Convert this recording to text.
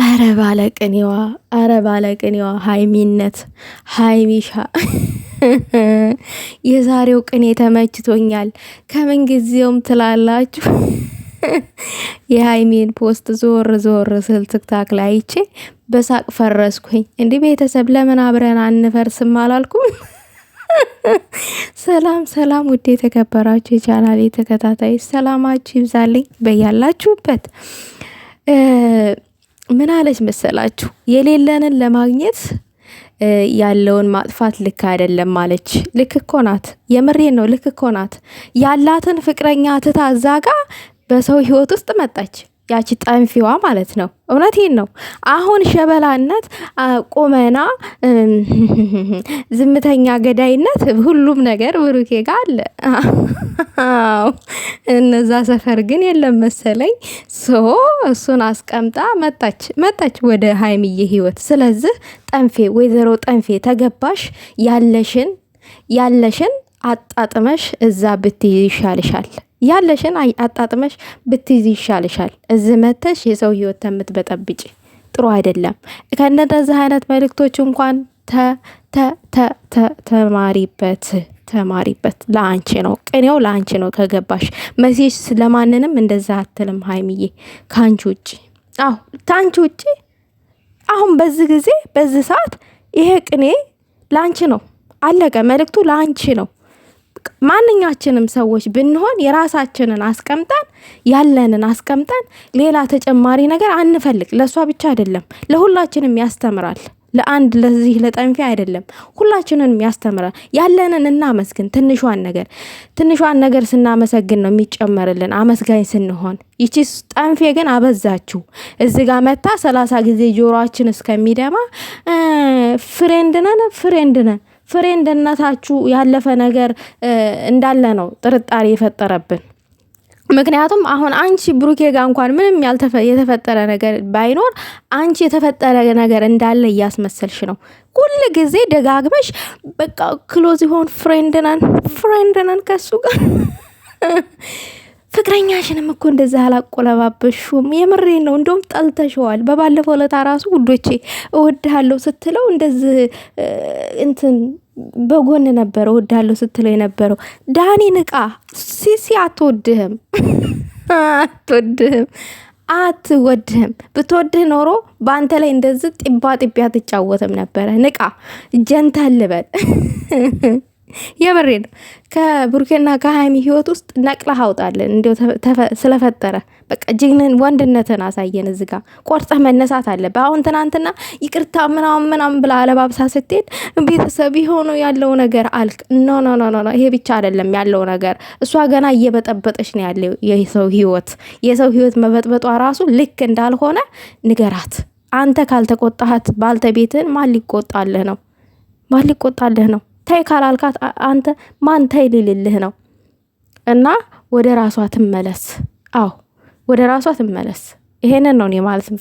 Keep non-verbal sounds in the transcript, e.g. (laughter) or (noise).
አረ ባለቅኔዋ አረ ባለቅኔዋ ሀይሚነት ሀይሚሻ (laughs) የዛሬው ቅኔ ተመችቶኛል። ከምንጊዜውም ትላላችሁ (laughs) የሀይሚን ፖስት ዞር ዞር ስል ትክታክ ላይ አይቼ በሳቅ ፈረስኩኝ። እንዲህ ቤተሰብ ለምን አብረን አንፈርስም አላልኩም? (laughs) ሰላም ሰላም፣ ውድ የተከበራችሁ የቻናሌ ተከታታይ ሰላማችሁ ይብዛልኝ በያላችሁበት። ምን አለች መሰላችሁ? የሌለንን ለማግኘት ያለውን ማጥፋት ልክ አይደለም ማለች። ልክ እኮ ናት። የምሬን ነው። ልክ እኮ ናት። ያላትን ፍቅረኛ ትታ እዛ ጋ በሰው ህይወት ውስጥ መጣች። ያቺ ጠንፊዋ ማለት ነው። እውነቴን ነው። አሁን ሸበላነት፣ ቁመና፣ (laughs) ዝምተኛ ገዳይነት፣ ሁሉም ነገር ብሩኬ ጋ አለ። እነዛ ሰፈር ግን የለም መሰለኝ። ሶ እሱን አስቀምጣ መጣች መጣች ወደ ሀይምዬ ህይወት። ስለዚህ ጠንፌ፣ ወይዘሮ ጠንፌ ተገባሽ ያለሽን ያለሽን አጣጥመሽ እዛ ብትይ ይሻልሻል። ያለሽን አጣጥመሽ ብትይዝ ይሻልሻል። እዚህ መተሽ የሰው ህይወት ተምትበጠብጭ ጥሩ አይደለም። ከእንደዚህ አይነት መልእክቶች እንኳን ተማሪበት ተማሪበት ለአንቺ ነው፣ ቅኔው ለአንቺ ነው። ከገባሽ መሴጅ ለማንንም እንደዛ አትልም ሀይሚዬ፣ ከአንቺ ውጭ አሁ ከአንቺ ውጭ አሁን በዚህ ጊዜ በዚህ ሰዓት ይሄ ቅኔ ለአንቺ ነው። አለቀ። መልእክቱ ለአንቺ ነው። ማንኛችንም ሰዎች ብንሆን የራሳችንን አስቀምጠን ያለንን አስቀምጠን ሌላ ተጨማሪ ነገር አንፈልግ። ለእሷ ብቻ አይደለም፣ ለሁላችንም ያስተምራል። ለአንድ ለዚህ ለጠንፌ አይደለም፣ ሁላችንንም ያስተምራል። ያለንን እናመስግን። ትንሿን ነገር ትንሿን ነገር ስናመሰግን ነው የሚጨመርልን አመስጋኝ ስንሆን። ይቺ ጠንፌ ግን አበዛችሁ። እዚ ጋ መታ ሰላሳ ጊዜ ጆሮችን እስከሚደማ ፍሬንድነን ፍሬንድነን ፍሬ እንደናታችሁ ያለፈ ነገር እንዳለ ነው ጥርጣሬ የፈጠረብን። ምክንያቱም አሁን አንቺ ብሩኬ ጋር እንኳን ምንም የተፈጠረ ነገር ባይኖር አንቺ የተፈጠረ ነገር እንዳለ እያስመሰልሽ ነው። ሁል ጊዜ ደጋግመሽ በቃ ክሎዝ ሆን ፍሬንድ ነን ከሱ ጋር ፍቅረኛሽንም እኮ እንደዛ አላቆለባበሹም። የምሬ ነው። እንደውም ጠልተሸዋል። በባለፈው ለታ ራሱ ውዶቼ እወድሃለሁ ስትለው እንደዚህ እንትን በጎን ነበረ ወዳለው ስትለው የነበረው ዳኒ ንቃ። ሲሲ አትወድህም፣ አትወድህም፣ አትወድህም። ብትወድህ ኖሮ በአንተ ላይ እንደዚህ ጢባ ጢቢያ አትጫወትም ነበረ። ንቃ፣ ጀንታ የበሬ ነው። ከብሩኬና ከሀይሚ ህይወት ውስጥ ነቅለህ አውጣለን። እንዲ ስለፈጠረ በቃ ጀግንን ወንድነትን አሳየን። እዚ ጋ ቆርጠህ መነሳት አለ። በአሁን ትናንትና ይቅርታ ምናምን ምናምን ብላ አለባብሳ ስትሄድ ቤተሰብ የሆኑ ያለው ነገር አልክ። ኖ ኖ ኖ ኖ፣ ይሄ ብቻ አይደለም ያለው ነገር። እሷ ገና እየበጠበጠች ነው ያለው የሰው ህይወት። የሰው ህይወት መበጥበጧ ራሱ ልክ እንዳልሆነ ንገራት። አንተ ካልተቆጣሃት ባልተቤትን ማን ሊቆጣልህ ነው? ማን ሊቆጣልህ ነው? ተይ ካላልካት አንተ ማን ተይ ሊልልህ ነው? እና ወደ ራሷ ትመለስ። አዎ ወደ ራሷ ትመለስ። ይሄንን ነው እኔ ማለት